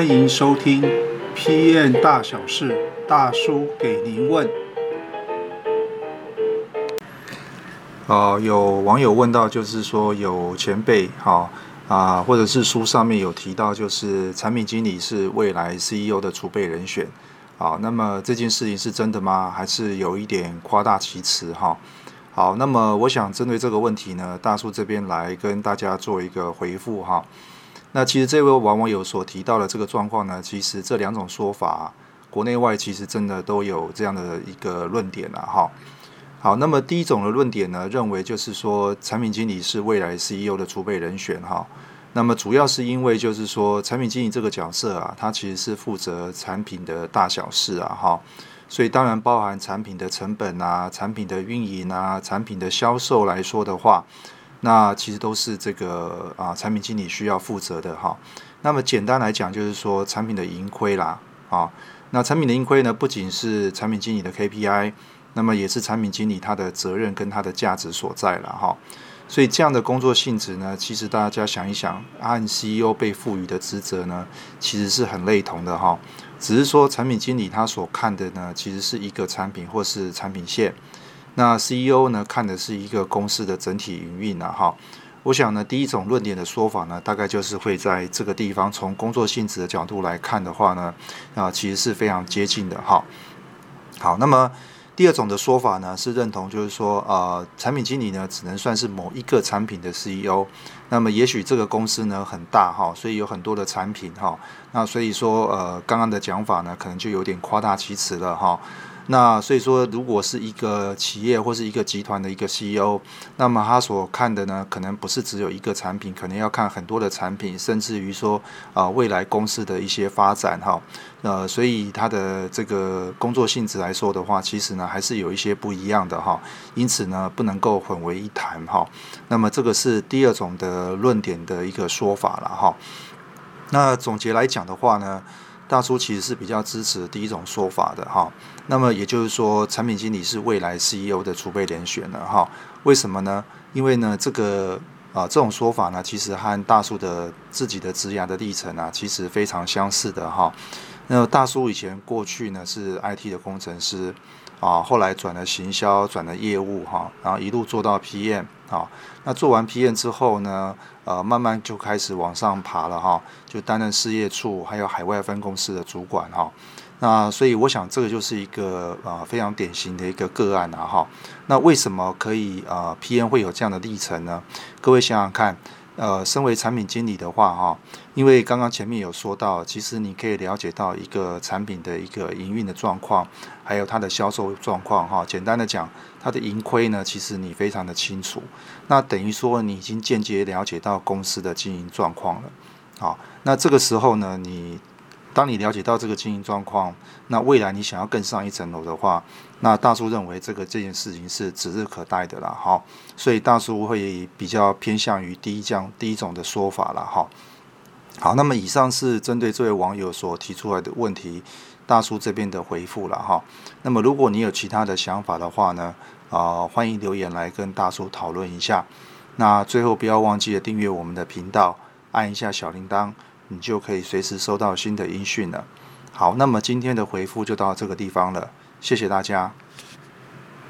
歡迎收聽《PM 大小事》，大叔給您問。哦、呃，有網友問到，就是說有前輩哈啊、哦呃，或者是書上面有提到，就是產品經理是未來 CEO 的儲備人選啊、哦。那麼這件事情是真的嗎？還是有一點誇大其詞哈、哦？好，那麼我想針對這個問題呢，大叔這邊來跟大家做一個回復哈。哦那其實這位網友所提到的這個狀況呢，其實這兩種說法、啊，國內外其實真的都有這樣的一個論點了、啊、哈。好，那麼第一種的論點呢，認為就是說產品經理是未來 CEO 的儲備人選哈。那麼主要是因為就是說產品經理這個角色啊，它其實是負責產品的大小事啊哈，所以當然包含產品的成本啊、產品的運營啊、產品的銷售來說的話。那其實都是這個啊，產品經理需要負責的哈。那麼簡單來講，就是說產品的盈虧啦，啊，那產品的盈虧呢，不僅是產品經理的 KPI，那麼也是產品經理他的責任跟他的價值所在了哈。所以這樣的工作性質呢，其實大家想一想，和 CEO 被賦予的職責呢，其實是很類同的哈。只是說產品經理他所看的呢，其實是一個產品或是產品線。那 CEO 呢，看的是一個公司的整體營運哈、啊。我想呢，第一種論點的說法呢，大概就是會在這個地方，從工作性質的角度來看的話呢，啊、呃，其實是非常接近的，哈。好，那麼第二種的說法呢，是認同就是說，啊、呃，產品經理呢，只能算是某一個產品的 CEO。那麼也許這個公司呢很大哈、哦，所以有很多的產品哈、哦。那所以說，呃，剛剛的講法呢，可能就有點誇大其詞了哈。哦那所以說，如果是一個企業或是一個集團的一個 CEO，那麼他所看的呢，可能不是只有一個產品，可能要看很多的產品，甚至於說，啊、呃，未來公司的一些發展哈，呃，所以他的這個工作性質來說的話，其實呢還是有一些不一樣的哈，因此呢不能夠混為一談哈。那麼這個是第二種的論點的一個說法了哈。那總結來講的話呢。大叔其實是比較支持第一種說法的哈，那麼也就是說，產品經理是未來 CEO 的儲備人選了哈。為什麼呢？因為呢，這個啊、呃，這種說法呢，其實和大叔的自己的職涯的歷程啊，其實非常相似的哈。那麼大叔以前過去呢是 IT 的工程師。啊，後來轉了行銷，轉了業務哈、啊，然後一路做到 PM 啊。那做完 PM 之後呢，呃、啊，慢慢就開始往上爬了哈、啊，就擔任事業處，還有海外分公司的主管哈、啊。那所以我想，這個就是一個啊，非常典型的一個個案啊哈、啊。那為什麼可以啊，PM 會有這樣的歷程呢？各位想想看。呃，身為產品經理的話，哈，因為剛剛前面有說到，其實你可以了解到一個產品的一個營運的狀況，還有它的銷售狀況，哈。簡單的講，它的盈虧呢，其實你非常的清楚。那等於說，你已經間接了解到公司的經營狀況了。好，那這個時候呢，你。當你了解到這個經營狀況，那未來你想要更上一層樓的話，那大叔認為這個這件事情是指日可待的了哈。所以大叔會比較偏向於第一講第一種的說法了哈。好，那麼以上是針對這位網友所提出來的問題，大叔這邊的回覆了哈。那麼如果你有其他的想法的話呢，啊、呃，歡迎留言來跟大叔討論一下。那最後不要忘記訂閱我們的頻道，按一下小鈴鐺。你就可以隨時收到新的音訊了。好，那麼今天的回復就到這個地方了，謝謝大家。